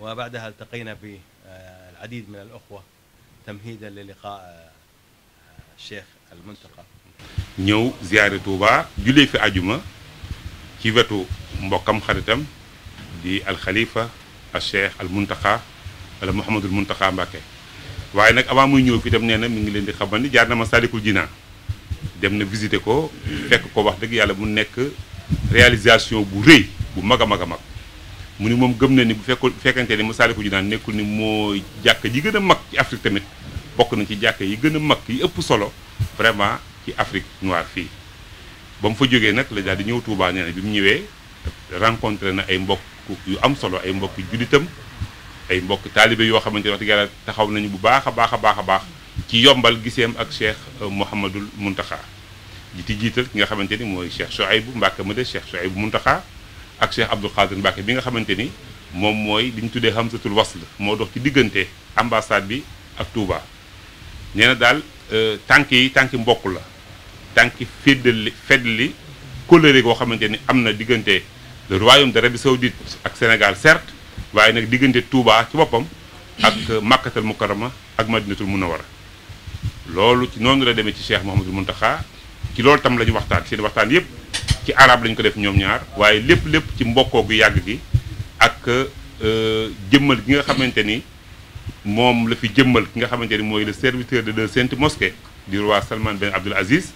وبعدها التقينا بالعديد من الأخوة تمهيدا للقاء الشيخ المنتقى ñëw ziare Touba julee fi ajuma ci wetu mbokkam xaritam di alxalifa al cheikh al muntaxa wala Mouhamadul Muntaxa Mbàkke waaye nag avant muy ñëw fi tam nee na mi ngi leen di xamal ni jaar na Masalikul Jinaan dem na visiter ko fekk ko wax dëgg yàlla mu nekk réalisation bu rëy bu mag a mag a mag mu ni moom gëm na ni bu fekkul fekkante ni Masaalikul Jinaan nekkul ni moo jàkk ji gën a mag ci Afrique tamit bokk na ci jàkk yi gën a mag yi ëpp solo vraiment ci Afrique noire fii ba mu fa jógee nag la daal di ñëw tuubaa nee bi mu ñëwee rencontré na ay mbokk yu am solo ay mbokk jullitam ay mbokk taalibe yoo xamante ne wax dëgg yàlla nañu bu baax baax a baax a baax ci yombal giseem ak Cheikh euh, Mouhamadul Mountakha ji ti jiital ki nga xamante ni mooy Cheikh Souaïbou Mbacké ma de Cheikh Souaïbou Mountakha ak Cheikh Abdou Khadir Mbacke bi nga xamante ni moom mooy li ñu tuddee Hamzatul Wasl moo dox ci diggante ambassade bi ak Touba. nee na daal euh, tànk yi tànki mbokk la tànki feddali feddali kóllëre goo xamante ni am na diggante le royaume d'Arabie Saoudite ak Sénégal certes waaye nag diggante tuuba ci boppam ak Makkatal Mukarrama ak Madinatul Munawara loolu ci noonu la demee ci Cheikh Mouhamadul Mountakha ci loolu tam la ñu waxtaan seen waxtaan yëpp. ci arab lañ ko def ñoom ñaar waaye lépp lépp ci mbokkoo gu yàgg gi ak euh, jëmmal gi nga xamante ni moom la fi jëmmal ki nga xamante ni mooy le serviteur de la sainte mosquée du roi Salman Ben Abdul Aziz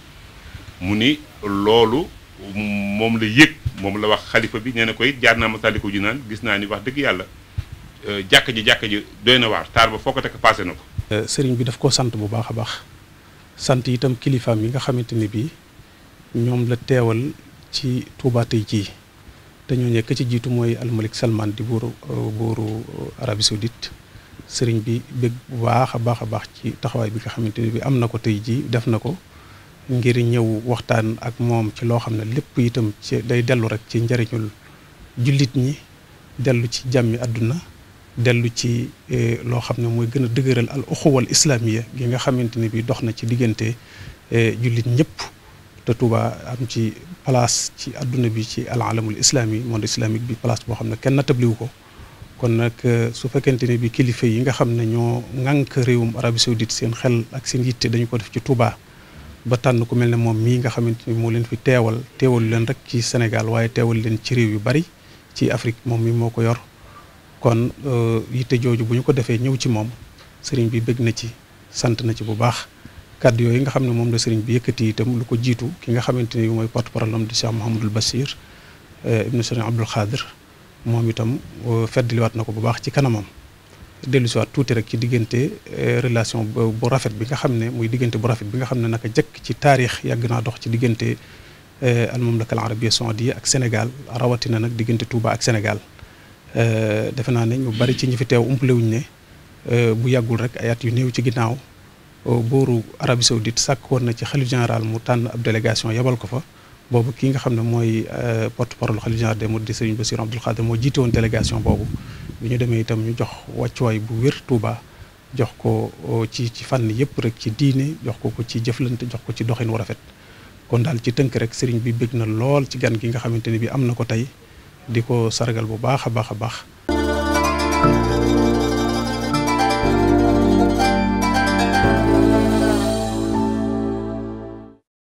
mu ni loolu moom la yëg moom la wax xalifa bi nee na koy jaar naa Masaalikul naan gis naa ni wax dëgg yàlla euh, jàkka ji jàkka ji doy na waar taar ba foo ko takk passé na ko. Euh, sëriñ bi daf koo sant bu baax a baax sant itam kilifaam yi nga xamante ni bii ñoom la teewal ci Touba tey jii te ñoo nekk ci jiitu mooy almalik Salman di buuru euh, buuru euh, Arabie Saoudite sëriñ bi bég bu baax a baax a baax ci taxawaay bi nga xamante ne bi am na ko tey jii def na ko ngir ñëw waxtaan ak moom ci loo xam ne lépp itam ci day dellu rek ci njariñul jullit ñi dellu ci jàmmi àdduna dellu ci euh, loo xam ne mooy gën a dëgëral al uxuwal islaamiya gi nga xamante ne bi dox na ci diggante jullit ñëpp te Touba am ci place ci àdduna bi ci alalamul islami monde islamique bi place boo xam ne kenn nattabliwu ko kon nag euh, su fekkente ne bi kilifa yi nga xam ne ñoo ŋànk réewum Arabie Saoudite seen xel ak seen yitte dañu ko def ci Touba ba tànn ku mel ne moom mii nga xamante ni moo leen fi teewal teewal leen rek ci Sénégal waaye teewal leen ci réew yu bari ci Afrique moom mii moo ko yor kon euh, yitte jooju bu ñu ko defee ñëw ci moom sëriñ bi bëgg na ci sant na ci bu baax kàddu yooyu nga xamne mom la serigne bi yëkëti itam lu ko jitu ki nga xamanteni moy porte parole du cheikh mohammed al basir euh ibnu serigne Abdul khadir mom itam feddliwaat wat nako bu baax ci kanamam wat tuuti rek ci digënté relation bu rafet bi nga xamne ne muy diggante bu rafet bi nga xamne naka jëk ci taarix yag na dox ci digënté euh al mamlaka al arabia saoudia ak Sénégal rawati na nak digënté Touba ak Sénégal euh defena ne ñu bari ci ñi fi teew umpalewuñ ne bu yagul rek ayat yu néew ci ginnaaw buuru Arabie Saoudite sàkk woon na ci xalif général mu tànn ab délégation yebal ko fa boobu ki nga xam ne mooy euh, porte parole xalif général des mourides di Serigne Bassirou Abdoul Khadir moo jiite woon délégation boobu bi ñu demee itam ñu jox wàccuwaay bu wér Touba jox ko euh, ci ci fànn yëpp rek ci diine jox ko ko ci jëflante jox ko ci doxin wu rafet kon daal ci tënk rek Serigne bi bëgg na lool ci gan gi nga xamante ne bi am na ko tey di ko sargal bu baax a baax a baax